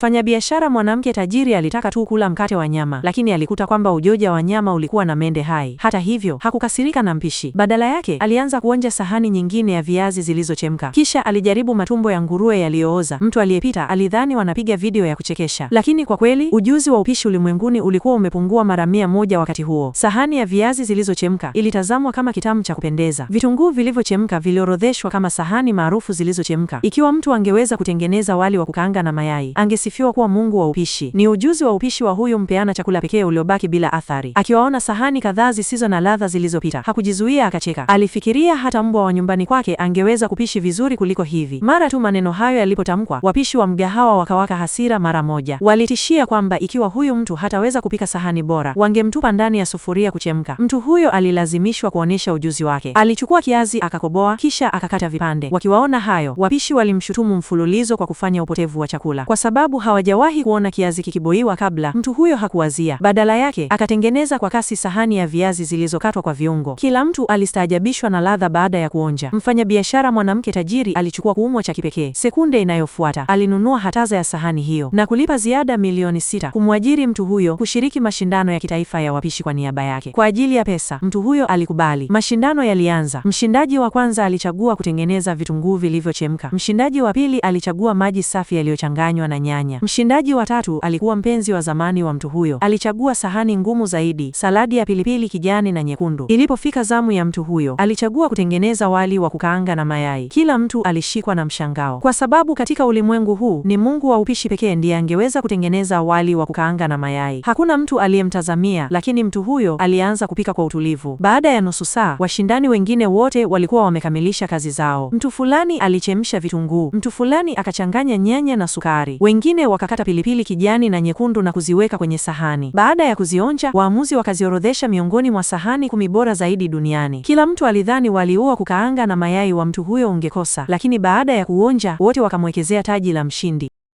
Mfanyabiashara mwanamke tajiri alitaka tu kula mkate wa nyama, lakini alikuta kwamba ujoja wa nyama ulikuwa na mende hai. Hata hivyo, hakukasirika na mpishi. Badala yake, alianza kuonja sahani nyingine ya viazi zilizochemka. Kisha alijaribu matumbo ya nguruwe yaliyooza. Mtu aliyepita alidhani wanapiga video ya kuchekesha, lakini kwa kweli ujuzi wa upishi ulimwenguni ulikuwa umepungua mara mia moja wakati huo. Sahani ya viazi zilizochemka ilitazamwa kama kitamu cha kupendeza. Vitunguu vilivyochemka viliorodheshwa kama sahani maarufu zilizochemka. Ikiwa mtu angeweza kutengeneza wali wa kukaanga na mayai, angesi anasifiwa kuwa mungu wa upishi. Ni ujuzi wa upishi wa huyu mpeana chakula pekee uliobaki bila athari. Akiwaona sahani kadhaa zisizo na ladha zilizopita, hakujizuia akacheka. Alifikiria hata mbwa wa nyumbani kwake angeweza kupishi vizuri kuliko hivi. Mara tu maneno hayo yalipotamkwa, wapishi wa mgahawa wakawaka hasira mara moja. Walitishia kwamba ikiwa huyu mtu hataweza kupika sahani bora, wangemtupa ndani ya sufuria kuchemka. Mtu huyo alilazimishwa kuonyesha ujuzi wake. Alichukua kiazi akakoboa, kisha akakata vipande. Wakiwaona hayo, wapishi walimshutumu mfululizo kwa kufanya upotevu wa chakula kwa sababu hawajawahi kuona kiazi kikiboiwa kabla, mtu huyo hakuwazia. Badala yake akatengeneza kwa kasi sahani ya viazi zilizokatwa kwa viungo. Kila mtu alistaajabishwa na ladha baada ya kuonja. Mfanyabiashara mwanamke tajiri alichukua kuumwa cha kipekee. Sekunde inayofuata alinunua hataza ya sahani hiyo na kulipa ziada milioni sita kumwajiri mtu huyo kushiriki mashindano ya kitaifa ya wapishi kwa niaba yake. Kwa ajili ya pesa, mtu huyo alikubali. Mashindano yalianza. Mshindaji wa kwanza alichagua kutengeneza vitunguu vilivyochemka. Mshindaji wa pili alichagua maji safi yaliyochanganywa na nyanya. Kenya. Mshindaji wa tatu alikuwa mpenzi wa zamani wa mtu huyo. Alichagua sahani ngumu zaidi, saladi ya pilipili kijani na nyekundu. Ilipofika zamu ya mtu huyo, alichagua kutengeneza wali wa kukaanga na mayai. Kila mtu alishikwa na mshangao, kwa sababu katika ulimwengu huu ni Mungu wa upishi pekee ndiye angeweza kutengeneza wali wa kukaanga na mayai. Hakuna mtu aliyemtazamia, lakini mtu huyo alianza kupika kwa utulivu. Baada ya nusu saa, washindani wengine wote walikuwa wamekamilisha kazi zao. Mtu fulani alichemsha vitunguu, mtu fulani akachanganya nyanya na sukari, wengine wengine wakakata pilipili kijani na nyekundu na kuziweka kwenye sahani. Baada ya kuzionja, waamuzi wakaziorodhesha miongoni mwa sahani kumi bora zaidi duniani. Kila mtu alidhani waliua kukaanga na mayai wa mtu huyo ungekosa, lakini baada ya kuonja, wote wakamwekezea taji la mshindi.